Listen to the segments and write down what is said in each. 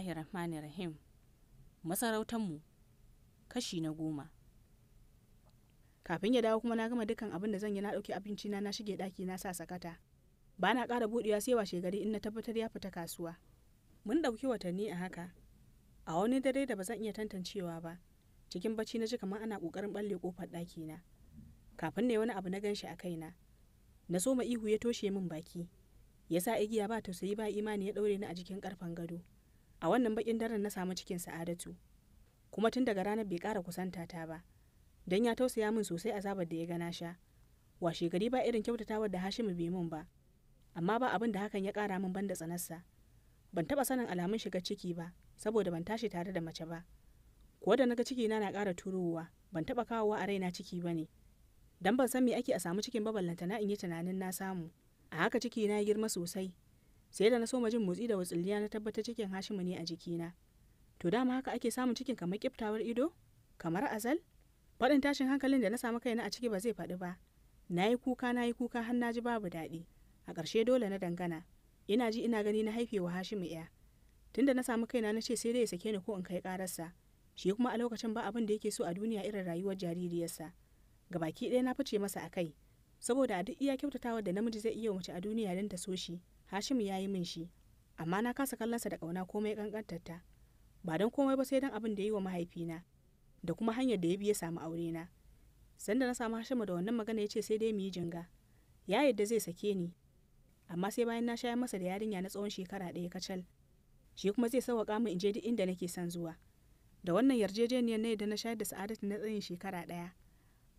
Bismillahir Rahmanir rahim mu kashi na goma kafin ya dawo kuma na gama dukkan abin da zan yi na ɗauki abinci na na shige ɗaki na sa sakata ba na ƙara buɗewa sai washe gari in na tabbatar ya fita kasuwa mun ɗauki watanni a haka a wani dare da ba zan iya tantancewa ba cikin bacci na ji kamar ana ƙoƙarin ɓalle ƙofar ɗaki na kafin ne wani abu na ganshi a kaina na so ma ihu ya toshe min baki ya sa igiya ba tausayi ba imani ya ɗaure ni a jikin ƙarfen gado a wannan bakin daren na samu cikin sa'adatu kuma tun daga ranar bai ƙara kusanta ta ba don ya tausaya min sosai azabar da ya gana sha washe gari ba irin kyautatawar da hashimu bai min ba amma ba abin da hakan ya ƙara min banda tsanarsa ban taɓa sanin alamun shiga ciki ba saboda ban tashi tare da mace ba ko da naga ciki na na ƙara turowa ban taɓa kawowa a raina ciki ba ne dan ban san me ake a samu cikin ballanta na in yi tunanin na samu a haka ciki na girma sosai sai da na soma jin motsi da watsilliya na tabbatar cikin hashimu ne a jikina to dama haka ake samun cikin kamar kiftawar ido kamar azal faɗin tashin hankalin da na samu kaina a ciki ba zai faɗi ba na yi kuka na yi kuka har na ji babu daɗi a ƙarshe dole na dangana ina ji ina gani na haife haifewa hashimu ya tunda na samu kaina na ce sai dai ya sake ni ko in kai ƙararsa shi kuma a lokacin ba abin da yake so a duniya irin rayuwar jaririyarsa gabaki ɗaya na fice masa a kai saboda a duk iya kyautatawar da namiji zai iya mace a duniya don ta so shi Hashim ya yi min shi, amma na kasa kallonsa da ƙauna komai ƙanƙantarta, ba don komai ba sai don abin da ya yi wa mahaifina da kuma hanyar da ya biya samu aure na Sanda na samu hashima da wannan magana ya ce sai dai mu yi jinga, ya yadda zai sake ni, amma sai bayan na shayar masa da yarinya na tsawon shekara ɗaya kacal. Shi kuma zai sauwaƙa mun in je duk inda nake son zuwa. Da wannan yarjejeniyar na yadda na shayar da sa'adatu na tsayin shekara ɗaya.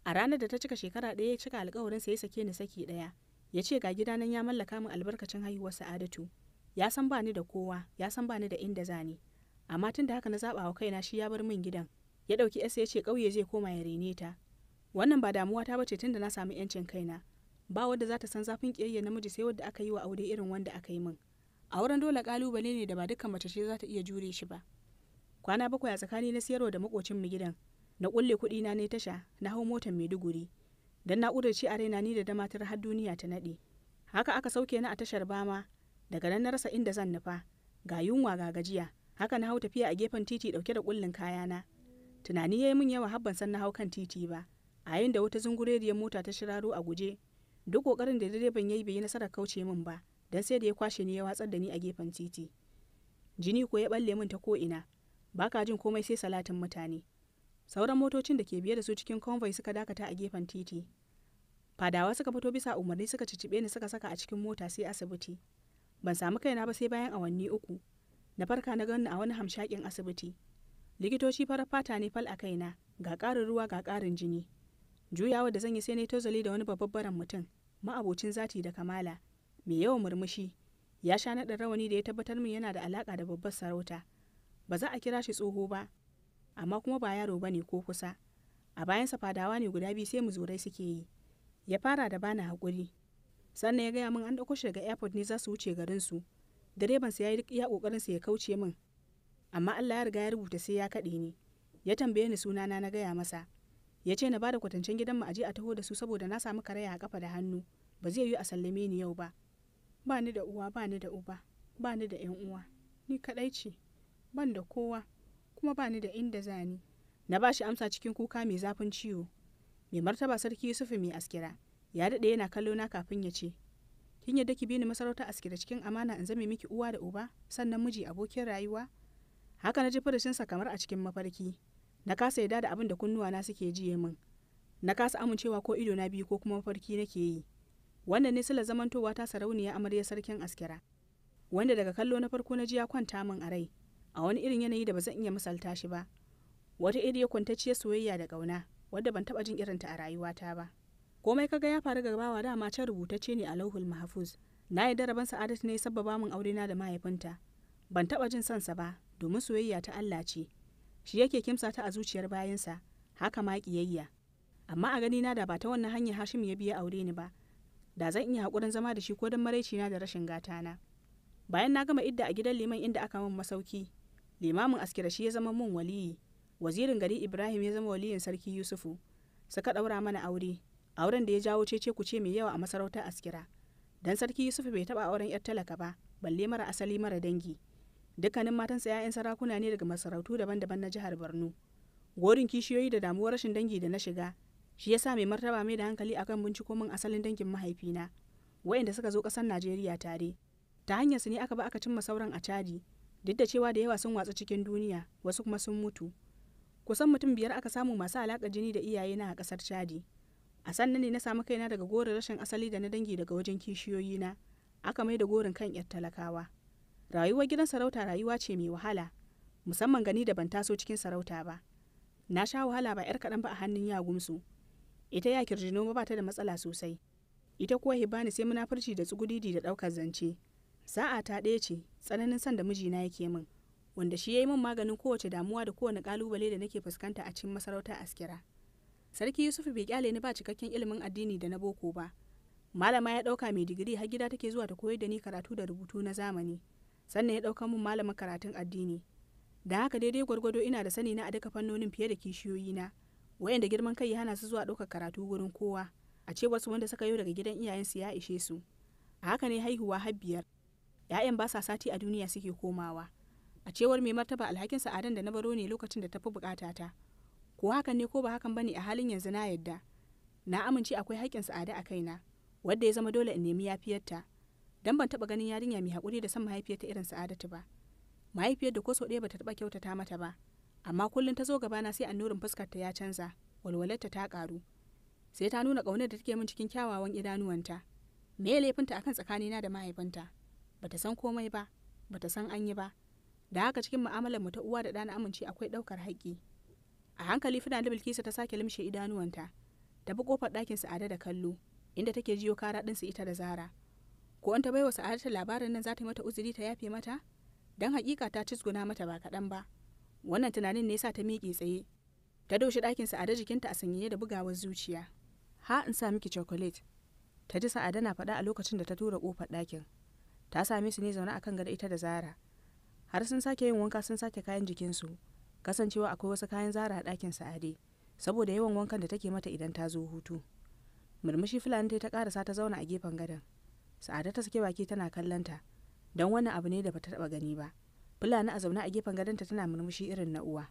A ranar da ta cika shekara ɗaya ya cika alƙawarin sa ya sake ni saki ɗaya. ya ce ga gida nan ya mallaka min albarkacin haihuwar sa'adatu ya san ba ni da kowa ya san ba ni da inda za ni amma tun da haka na zaɓa wa kaina shi ya bar min gidan ya ɗauki yasa ya ce ƙauye zai koma ya rene ta wannan ba damuwa ta bace tun da na samu yancin kaina ba wadda za ta san zafin ƙiyayya namiji sai wadda aka yi wa aure irin wanda aka yi min a wurin dole ƙalubale ne da ba dukkan mace ce za ta iya jure shi ba kwana bakwai a tsakani na siyarwa da makocin mu gidan na kulle kuɗi na ne tasha na hau motar maiduguri don na ƙudurci a raina ni da damatar har duniya ta naɗe haka aka sauke ni a tashar bama daga nan na rasa inda zan nufa ga yunwa ga gajiya haka na hau tafiya a gefen titi ɗauke da ƙullin kayana tunani ya yi min yawa habban san na hau kan titi ba a yayin da wata zungureriyar mota ta shiraro a guje duk ƙoƙarin da direban ya yi bai yi nasarar kauce min ba don sai da ya kwashe ni ya watsar da ni a gefen titi jini ko ya balle min ta ko ina baka jin komai sai salatin mutane sauran motocin da ke biye da su cikin convoy suka dakata a gefen titi fadawa suka fito bisa umarni suka cicibe ni suka saka a cikin mota sai asibiti ban samu kaina ba sai bayan awanni uku na farka na gani a wani hamshakin asibiti likitoci farar fata ne fal a kaina ga ƙarin ruwa ga ƙarin jini juyawa da zan yi sai na tozali da wani baran mutum ma'abocin zati da kamala mai yawan murmushi ya sha naɗin rawani da ya tabbatar min yana da alaƙa da babbar sarauta ba za a kira shi tsoho ba amma kuma ba yaro ba ne ko kusa a bayansa fadawa ne guda biyu sai mu zurai suke yi ya fara da bani hakuri. sannan ya gaya min an ɗauko shi daga airport ne za su wuce garinsu direban sa ya yi iya ƙoƙarinsa ya kauce min amma Allah ya riga ya rubuta sai ya kaɗe ni ya tambaye ni suna na na gaya masa ya ce na bada kwatancen mu aje a taho da su saboda na samu karaya a kafa da hannu ba zai yi a sallame ni yau ba ba ni da uwa ba ni da uba ba ni da yan uwa ni kaɗai ce ban da kowa kuma bani da inda zani na ba shi amsa cikin kuka mai zafin ciwo mai martaba sarki yusufu mai askira ya daɗe yana kallo na kafin ya ce kin yadda ki bini masarauta askira cikin amana in zame miki uwa da uba sannan miji abokin rayuwa haka na ji farashinsa kamar a cikin mafarki na kasa yarda da abin da kunnuwana suke jiye min na kasa amincewa ko ido na biyu ko kuma mafarki nake yi wannan ne sila zamantowa ta sarauniya amarya sarkin askira wanda daga kallo na farko na ji ya kwanta min a rai a wani irin yanayi da ba zan iya misalta shi ba wata iri ya kwantacciyar soyayya da ƙauna wadda ban taɓa jin irinta a rayuwata ba komai kaga ya faru ga bawa dama can rubutacce ne a lauhul mahfuz na yi daraban sa'adatu ne sabbaba min aurena da mahaifinta ban taɓa jin sansa ba domin soyayya ta Allah ce shi yake kimsa ta a zuciyar bayansa haka ma ƙiyayya amma a gani na da ba ta wannan hanyar Hashim ya biya aure ni ba da zan iya hakurin zama da shi ko don maraici na da rashin gata na bayan na gama idda a gidan liman inda aka min masauki limamin askira shi ya zama mun waliyi wazirin gari ibrahim ya zama waliyin sarki yusufu suka ɗaura mana aure auren da ya jawo cece ce mai yawa a masarautar askira dan sarki yusufu bai taɓa auren yar talaka ba balle mara asali mara dangi dukkanin sa 'ya'yan sarakuna ne daga masarautu daban-daban na jihar borno gorin kishiyoyi da damuwar rashin dangi da na shiga shi ya sa mai martaba mai da hankali akan binciko min asalin dangin mahaifina wa'inda suka zo ƙasar najeriya tare ta hanyar su ne aka ba aka cimma sauran a cadi duk da cewa da yawa sun watsa cikin duniya wasu kuma sun mutu kusan mutum biyar aka samu masu alaƙa jini da iyaye na a ƙasar chadi a sannan ne na samu kaina daga gorin rashin asali da na dangi daga wajen kishiyoyi na aka mai da gorin kan yar talakawa rayuwar gidan sarauta rayuwa ce mai wahala musamman gani da ban taso cikin sarauta ba na sha wahala ba yar kaɗan ba a hannun ya yagumsu ita ya kirjino ba ta da matsala sosai ita kuwa hibani sai munafurci da tsugudidi da ɗaukar zance sa'a ta ɗaya ce tsananin son da mijina yake min wanda shi ya yi min maganin kowace damuwa da kowane kalubale da nake fuskanta a cikin masarautar askira sarki yusuf bai kyale ni ba cikakken ilimin addini da na boko ba malama ya ɗauka mai digiri har gida take zuwa ta koyar da ni karatu da rubutu na zamani sannan ya ɗauka min malamin karatun addini da haka daidai gwargwado ina da sani na a duka fannonin fiye da na wayanda girman kai ya hana su zuwa ɗaukar karatu wurin kowa a ce wasu wanda suka yau daga gidan iyayensu ya ishe su a haka ne haihuwa har biyar 'ya'yan ba sa sati a duniya suke komawa a cewar mai martaba alhakin sa'adan da na baro ne lokacin da tafi bukata ta ko hakan ne ko ba hakan bane a halin yanzu na yadda na amince akwai haƙƙin sa'ada a kaina wanda ya zama dole in nemi yafiyarta dan ban taba ganin yarinya mai haƙuri da san mahaifiyarta irin sa'adatu ba mahaifiyar da ko sau ɗaya bata taba kyautata mata ba amma kullum ta zo gabana sai annurin fuskarta ya canza walwalarta ta karu sai ta nuna ƙaunar da take min cikin kyawawan idanuwanta me laifinta akan tsakanina da mahaifinta bata san komai ba bata san an yi ba da haka cikin mu'amalar mu ta uwa da ɗa na amince akwai ɗaukar haƙƙi a hankali fina da bilkisu ta sake limshe idanuwanta ta bi kofar ɗakin sa'ada da kallo inda take jiyo kara ɗinsu ita da zara ko an ta bai baiwa sa'adata labarin nan za ta mata uzuri ta yafe mata dan haƙiƙa ta cizguna mata ba kaɗan ba wannan tunanin ne sa ta miƙe tsaye ta doshi ɗakin sa'ada jikinta a sanyaye da bugawar zuciya ha in sa miki chocolate ta ji sa'ada na faɗa a lokacin da ta tura kofar ɗakin ta same su ne zaune akan gado ita da zara har sun sake yin wanka sun sake kayan jikinsu kasancewa akwai wasu kayan zara a ɗakin sa'ade saboda yawan wankan da take mata idan ta zo hutu murmushi fulani ta karasa ta zauna a gefen gadon sa'ada ta sake baki tana kallon ta don wannan abu ne da bata taɓa gani ba fulani a zaune a gefen gadon ta tana murmushi irin na uwa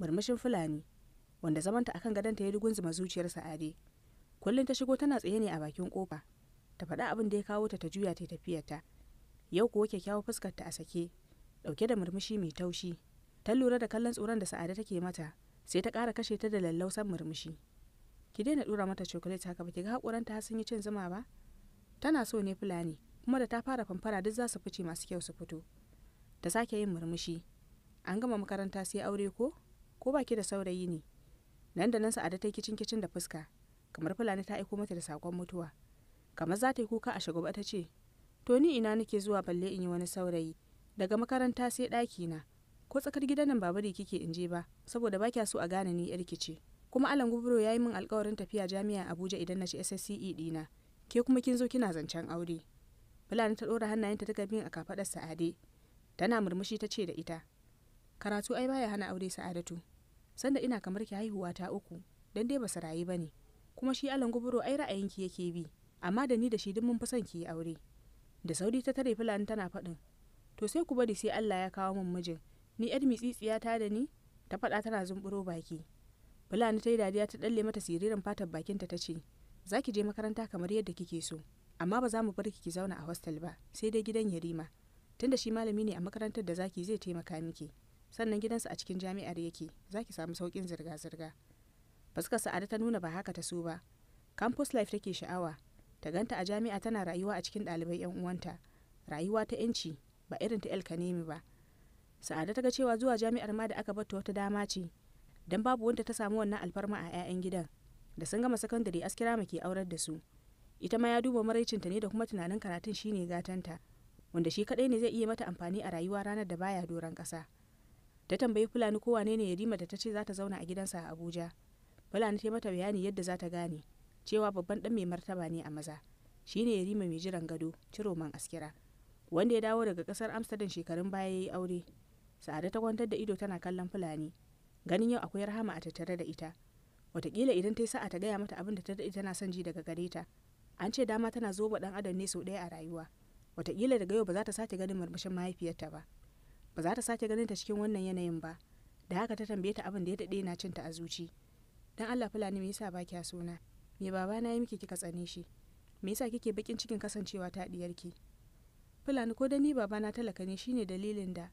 murmushin fulani wanda zamanta akan gadonta ya dugunzuma zuciyar sa'ade kullum ta shigo tana tsaye ne a bakin kofa ta faɗa abin da ya kawo ta ta juya ta tafiyarta yau kuwa kyakkyawar fuskar ta a sake Ɗauke da murmushi mai taushi ta lura da kallon tsoron da sa'ada take mata sai ta ƙara kashe ta da lallausan murmushi ki daina ɗura mata chocolate haka ba ki ga hakuranta har sun yi cin zuma ba tana so ne fulani kuma da ta fara fanfara duk za su fice masu kyau su fito ta sake yin murmushi an gama makaranta sai aure ko ko baki da saurayi ne nan da nan sa'ada ta yi kicin kicin da fuska kamar fulani ta aiko mata da sakon mutuwa kamar za ta yi kuka a shagaba ta ce to ni ina nake zuwa balle in yi wani saurayi daga makaranta sai ɗaki na ko tsakar gidan nan babari kike in je ba saboda ba kya so a gane ni yar ce kuma alan gubro ya yi min alƙawarin tafiya jami'a abuja idan na ci sse dina ke kuma kin zo kina zancen aure bulani ta ɗora hannayenta ta gabin a kafadar sa'ade tana murmushi ta ce da ita karatu ai baya hana aure sa'adatu sanda ina kamar ki haihuwa ta uku dan dai ba rayu bane kuma shi alan gubro ai ra'ayinki yake bi amma da ni da shi duk mun fi son ki yi aure da sauri ta tare fulani tana faɗin to sai ku bari sai allah ya kawo min mijin ni yar mitsitsiyata ta da ni ta faɗa tana zumburo baki fulani ta yi dariya ta ɗalle mata siririn fatar bakinta ta ce za ki je makaranta kamar yadda kike so amma ba za mu bar ki zauna a hostel ba sai dai gidan yarima tunda shi malami ne a makarantar da zaki zai taimaka miki sannan gidansa a cikin jami'ar yake za ki samu sauƙin zirga-zirga fuskar sa'ada ta nuna ba haka ta so ba campus life take sha'awa ta ganta a jami'a tana rayuwa a cikin ɗalibai 'yan uwanta rayuwa ta 'yanci ba irin ta elkanemi ba sa'ada ta ga cewa zuwa jami'ar ma da aka bata wata dama ce dan babu wanda ta samu wannan alfarma a 'ya'yan gidan da sun gama sakandare askira ke aurar da su ita ma ya duba maraicinta ne da kuma tunanin karatun shine gatanta wanda shi kadai ne zai iya mata amfani a rayuwa ranar da baya doron kasa ta tambayi fulani ko wane ne yarima da ta ce za ta zauna a gidansa a abuja fulani ta mata bayani yadda za ta gane cewa babban dan mai martaba ne a maza shine yarima mai jiran gado ciroman askira wanda ya dawo daga kasar amsterdam shekarun baya ya yi aure sa'ada ta kwantar da ido tana kallon fulani ganin yau akwai rahama a tattare da ita watakila idan ta yi sa'a ta gaya mata abin da ta daɗe tana son ji daga gare ta an ce dama tana zo ba ɗan adam ne sau ɗaya a rayuwa watakila daga yau ba za ta sake ganin murmushin mahaifiyarta ba ba za ta sake ganin ta cikin wannan yanayin ba da haka ta tambaye ta abin da ya daɗe na cinta a zuci dan allah fulani me yasa ba kya suna me babana ya miki kika tsane shi me yasa kike bakin cikin kasancewa ta diyarki fulani ko da ni babana talaka ne shine dalilin da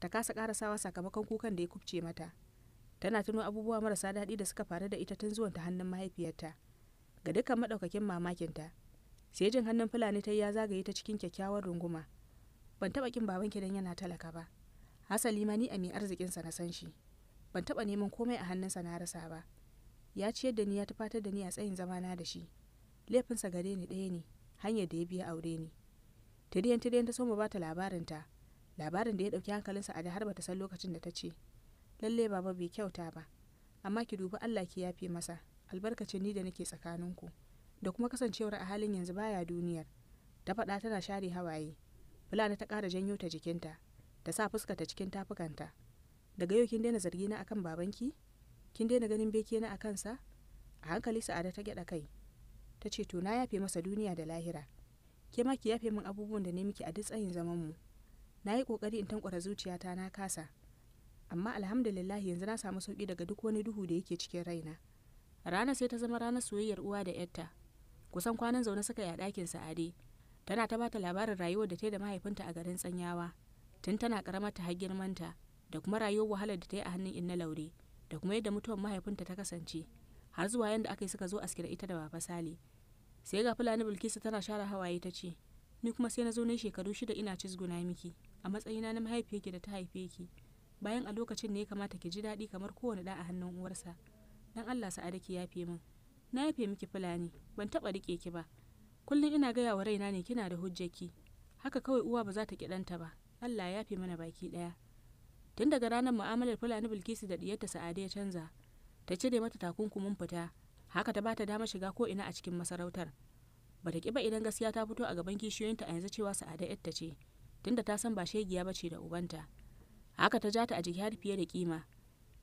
ta kasa karasawa sakamakon kukan da ya kubce mata tana tuno abubuwa marasa daɗi da suka faru da ita tun zuwan ta hannun mahaifiyarta ga dukkan madaukakin mamakinta sai jin hannun fulani ta ya zagaye ta cikin kyakkyawar runguma ban taba kin babanki dan yana talaka ba hasali ma ni a mai sa na san shi ban taba neman komai a hannunsa na rasa ba ya ciyar da ni ya tufatar da ni a tsayin zamana da shi laifinsa gare ni ɗaya ne hanyar da ya biya aure ni tiriyan tiriyan ta so mu labarin ta. labarin da ya ɗauki hankalinsa a da har bata san lokacin da ta ce lallai baba bai kyauta ba amma ki dubi allah ki yafe masa albarkacin ni da nake tsakaninku da kuma kasancewar a halin yanzu baya duniyar ta faɗa tana share hawaye fulani ta ƙara janyo ta jikinta ta sa fuskata cikin tafukanta daga yau kin daina zargi na akan babanki kin daina ganin beke na a kansa a hankali sa'ada ta gyada kai ta ce to na yafe masa duniya da lahira ke ma ki yafe min abubuwan da ne miki a duk tsayin zaman mu na yi kokari in tankwara zuciyata na kasa amma alhamdulillah yanzu na samu sauki daga duk wani duhu da yake cikin raina rana sai ta zama ranar soyayyar uwa da yarta kusan kwanan zaune suka yi a ɗakin sa'ade tana ta bata labarin rayuwar da ta da mahaifinta a garin tsanyawa tun tana karamar ta har girmanta da kuma rayuwar wahalar da ta yi a hannun inna laure da kuma yadda mutuwar mahaifinta ta kasance har zuwa yadda aka yi suka zo aski da ita da baba sale sai ga fulani bilkisu tana share hawaye ta ce ni kuma sai na zo ne shekaru shida ina cizguna miki a matsayina na mahaifiyarki da ta haife ki bayan a lokacin ne ya kamata ki ji daɗi kamar kowane ɗa a hannun uwarsa dan allah sa'ada ki yafe min na yafe miki fulani ban taɓa riƙe ki ba kullum ina gaya wa raina ne kina da hujjaki haka kawai uwa ba za ta ƙi ba allah ya yafe mana baki ɗaya tun daga ranar mu'amalar fulani bilkisu da diyarta sa'ada ya canza ta cire mata takunkumin fita haka ta bata dama shiga ko ina a cikin masarautar bata ƙi ba idan gaskiya ta fito a gaban kishiyoyinta a yanzu cewa sa'ada yatta ce tunda ta san ba shegiya ba ce da ubanta haka ta ja ta a jiki har fiye da kima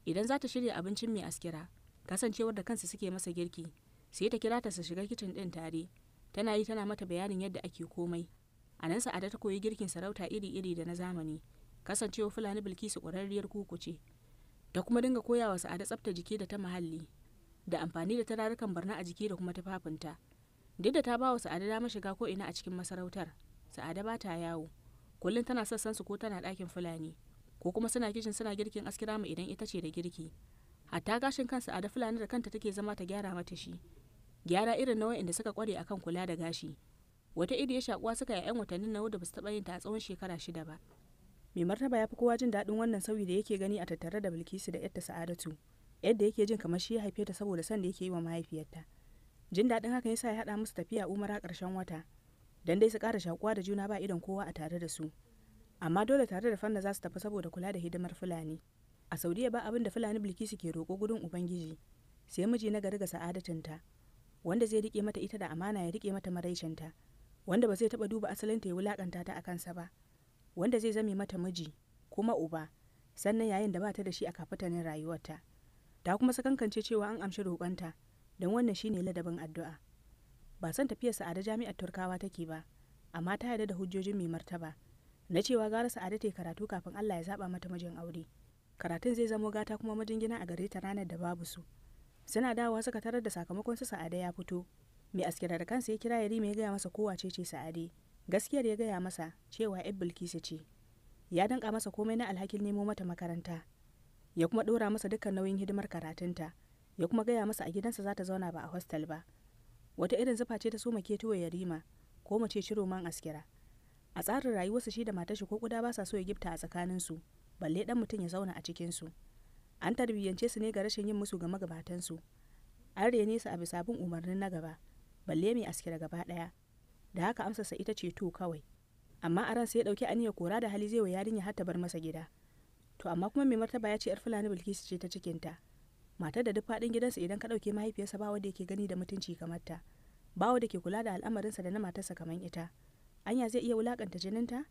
idan za ta shirya abincin mai askira kasancewar da kansu suke masa girki sai ta kira ta su shiga kicin din tare tana yi tana mata bayanin yadda ake komai a nan sa'ada ta koyi girkin sarauta iri-iri da na zamani kasancewa fulani bilkisu ƙwararriyar kuku ce Da kuma dinga koya wa sa'ada tsafta jiki da ta muhalli da amfani da tararukan barna a jiki da kuma tufafinta duk da ta ba wa sa'ada damar shiga ko ina a cikin masarautar sa'ada ba ta yawo kullum tana sassan su ko tana ɗakin fulani ko kuma suna kicin suna girkin askirama idan ita ce da girki hatta gashin kan Sa'ada fulani da kanta take zama ta gyara mata shi gyara irin na inda suka kware akan kula da gashi wata iri ya shakuwa suka yi 'yan watannin na da ba su taɓa yin ta a tsawon shekara shida ba mai martaba ya fi kowa jin daɗin wannan sauyi da yake gani a tattare da bilkisu da yadda sa'adatu yadda yake jin kamar shi ya haife ta saboda son da yake yi wa mahaifiyarta jin daɗin hakan sa ya haɗa musu tafiya umara ƙarshen wata dan dai su ƙara shakuwa da juna ba idan kowa a tare da su amma dole tare da fanna za su tafi saboda kula da hidimar fulani a saudiya ba abin da fulani bilkisu ke roƙo gudun ubangiji sai miji na gari ga sa'adatinta wanda zai rike mata ita da amana ya rike mata maraicinta wanda ba zai taɓa duba asalinta ya wulaƙanta ta a kansa ba wanda zai zame mata miji kuma uba sannan yayin da ba ta da shi a kafatanin rayuwarta ta kuma sakankance cewa an amshi roƙonta don wannan shi ne ladabin addu'a ba san tafiyar sa'ada jami'ar turkawa take ba amma ta yarda da hujjojin mai martaba na cewa gara sa'ada ta karatu kafin allah ya zaɓa mata mijin aure karatun zai zamo gata kuma gina a gare ta ranar da babu su suna dawowa suka tarar da sakamakon su sa'ada ya fito mai askirar da kansa ya kira yari mai gaya masa kowace ce sa'ade gaskiyar ya gaya masa cewa yan bilkisa ce ya danka masa komai na alhakin nemo mata makaranta ya kuma ɗora masa dukkan nauyin hidimar karatunta ya kuma gaya masa a gidansa za ta zauna ba a hostel ba wata irin zufa ce ta soma keto ya rima ko mu ce ciro man askira a tsarin rayuwarsa shi da matashi ko kuda ba sa so ya gifta a tsakaninsu balle dan mutum ya zauna a cikinsu an tarbiyyance su ne ga rashin yin musu ga magabatansu an rene su a bisa bin umarnin na gaba balle mai askira gaba ɗaya da haka amsarsa ita ce to kawai amma a ransa ya dauki aniyar kora da hali zai wa yarinya har ta bar masa gida to amma kuma mai martaba ya ce yar fulani bilkisu ce ta cikinta matar da duk faɗin gidansa idan ka ɗauke mahaifiyarsa ba wanda yake gani da mutunci kamar ta ba wanda ke kula da al'amarinsa da na matarsa kamar ita anya zai iya wulakanta jininta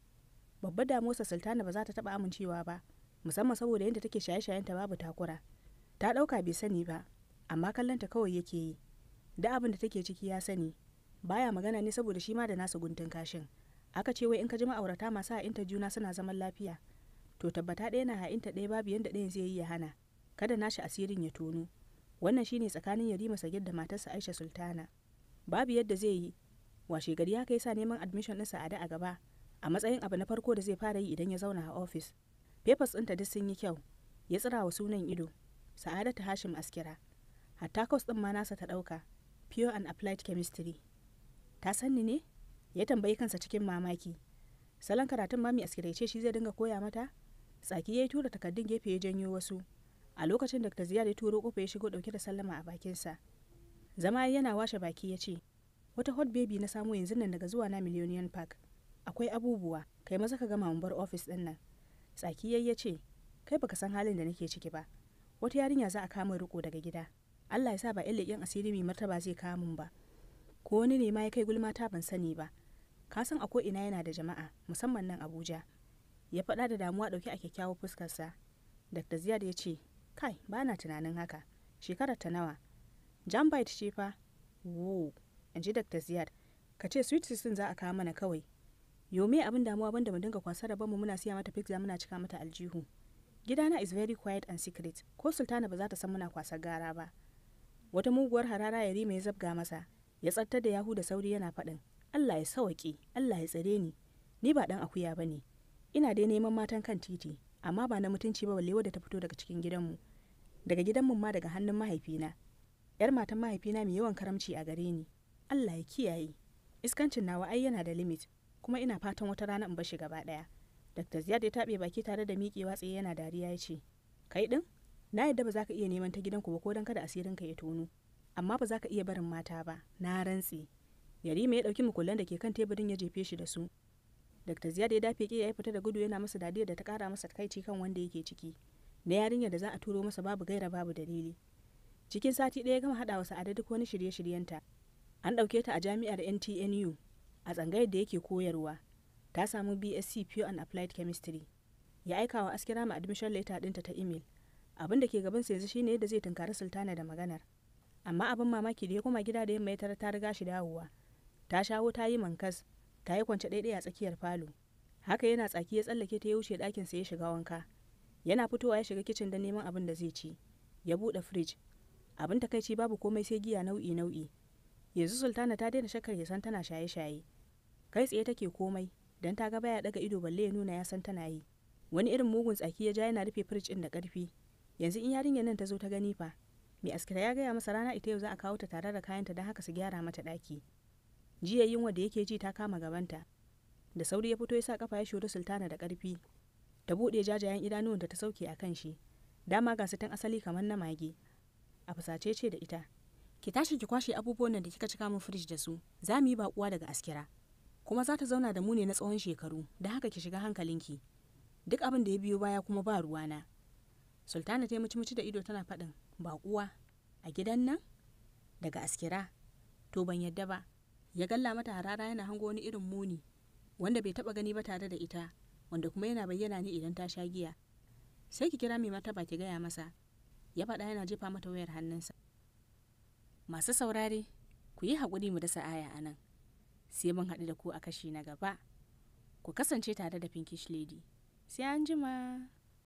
babbar damuwarsa sultana ba za ta taɓa amincewa ba musamman saboda yadda take shaye ta babu takura ta ɗauka bai sani ba amma kallonta kawai yake yi da abin da take ciki ya sani baya magana ne saboda shi ma da nasa guntun kashin aka ce wai in ka ji ma'aurata masu ha'inta juna suna zaman lafiya to tabbata ɗaya na ha'inta ɗaya babu yadda ɗayan zai yi ya hana kada nashi asirin ya tono wannan shi ne tsakanin yarima sagid da matarsa aisha sultana babu yadda zai yi washe gari ya kai sa neman admission ɗinsa a da a gaba a matsayin abu na farko da zai fara yi idan ya zauna a ofis papers ɗinta duk sun yi kyau ya tsira wa sunan ido sa'adatu hashim askira hatta kos ɗin ma nasa ta ɗauka pure and applied chemistry ta sanni ne ya tambayi kansa cikin mamaki salon karatun mami askiraice shi zai dinga koya mata tsaki ya tura takardun gefe ya janyo wasu a lokacin da ziyar ya turo kofa ya shigo dauke da sallama a bakinsa zama yana washe baki ya ce wata hot baby na samu yanzu nan daga zuwa na millionian park akwai abubuwa kai maza ka gama bar ofis din nan tsaki ya ce kai baka san halin da nake ciki ba wata yarinya za a kama riko daga gida allah ya sa ba yan asiri mai martaba zai kamun ba ko wani ne ma ya kai gulmata ban sani ba ka san a ko'ina yana da jama'a musamman nan abuja ya faɗa da damuwa ɗauke a kyakkyawar fuskarsa dr ziyad ya ce kai ba na tunanin haka shekarar ta nawa jambite ce fa wo in ji dr ziyad ka ce sweet system za a kawo mana kawai yome abin damuwa banda mu dinga kwasa da mu muna siya mata pizza muna cika mata aljihu gidana is very quiet and secret ko sultana ba za ta san muna kwasa gara ba wata muguwar harara yari ya zabga masa ya tsartar da yahu da sauri yana faɗin allah ya sawaƙi allah ya tsare ni ni ba ɗan akuya ba ne ina dai neman matan kan titi amma ba na mutunci ba balle wadda ta fito daga cikin gidanmu daga gidanmu ma daga hannun mahaifina yar matan mahaifina mai yawan karamci a gare ni allah ya kiyaye iskancin nawa ai yana da limit kuma ina fatan wata rana in shi gaba ɗaya dr ziyad ya taɓe baki tare da miƙewa tsaye yana dariya ya ce kai ɗin na yadda ba za ka iya neman ta gidanku ba ko don kada asirinka ya tono amma ba za ka iya barin mata ba na rantse yarima ya ɗauki mukullan da ke kan teburin ya jefe shi da su dr ziyad ya dafe ya fita da gudu yana masa dadiya da ta kara masa takaici kan wanda yake ciki na yarinyar da za a turo masa babu gaira babu dalili cikin sati ɗaya gama haɗa wasa sa'ada duk wani shirye-shiryenta an ɗauke ta a jami'ar ntnu a tsangayar da yake koyarwa ta samu bsc pure and applied chemistry ya aika wa askira ma admission letter dinta ta email abin da ke gabansa yanzu shine yadda zai tunkari sultana da maganar amma abin mamaki da ya koma gida da yamma ya tarar ta riga shi dawowa ta shawo ta yi mankas ta yi kwance ɗaiɗai a tsakiyar falo haka yana tsaki ya tsallake ta ya wuce ɗakinsa ya shiga wanka yana fitowa ya shiga kicin da neman abin da zai ci ya buɗe firij abin ta takaici babu komai sai giya nau'i nau'i yanzu sultana ta daina shakkar ya san tana shaye shaye kai tsaye take komai dan ta ga baya daga ido balle ya nuna ya san tana yi wani irin mugun tsaki ya ja yana rufe firij ɗin da ƙarfi yanzu in yarinyar nan ta zo ta gani fa mai askira ya gaya masa rana ita yau za a kawo ta tare da kayanta don haka su gyara mata ɗaki jiya yunwa da yake ji ta kama gabanta da sauri ya fito ya sa kafa ya shori sultana da ƙarfi ta buɗe jajayen idanuwan da ta sauke a kan shi dama ga tan asali kamar na mage a fusace ce da ita ki tashi ki kwashe abubuwan nan da kika cika min firij da su za mu yi baƙuwa daga askira kuma za ta zauna da mu ne na tsawon shekaru da haka ki shiga hankalinki duk abin da ya biyo baya kuma ba ruwana sultana ta yi mucimuci da ido tana faɗin baƙuwa a gidan nan daga askira to ban yadda ba ya galla mata harara yana hango wani irin muni wanda bai taɓa gani ba tare da ita wanda kuma yana bayyana ne idan ta sha giya sai ki kira mai mataba ki gaya masa ya faɗa yana jefa mata wayar hannunsa masu saurare ku yi haƙuri mu dasa aya a nan sai mun haɗu da ku a kashi na gaba ku kasance tare da pinkish lady sai an jima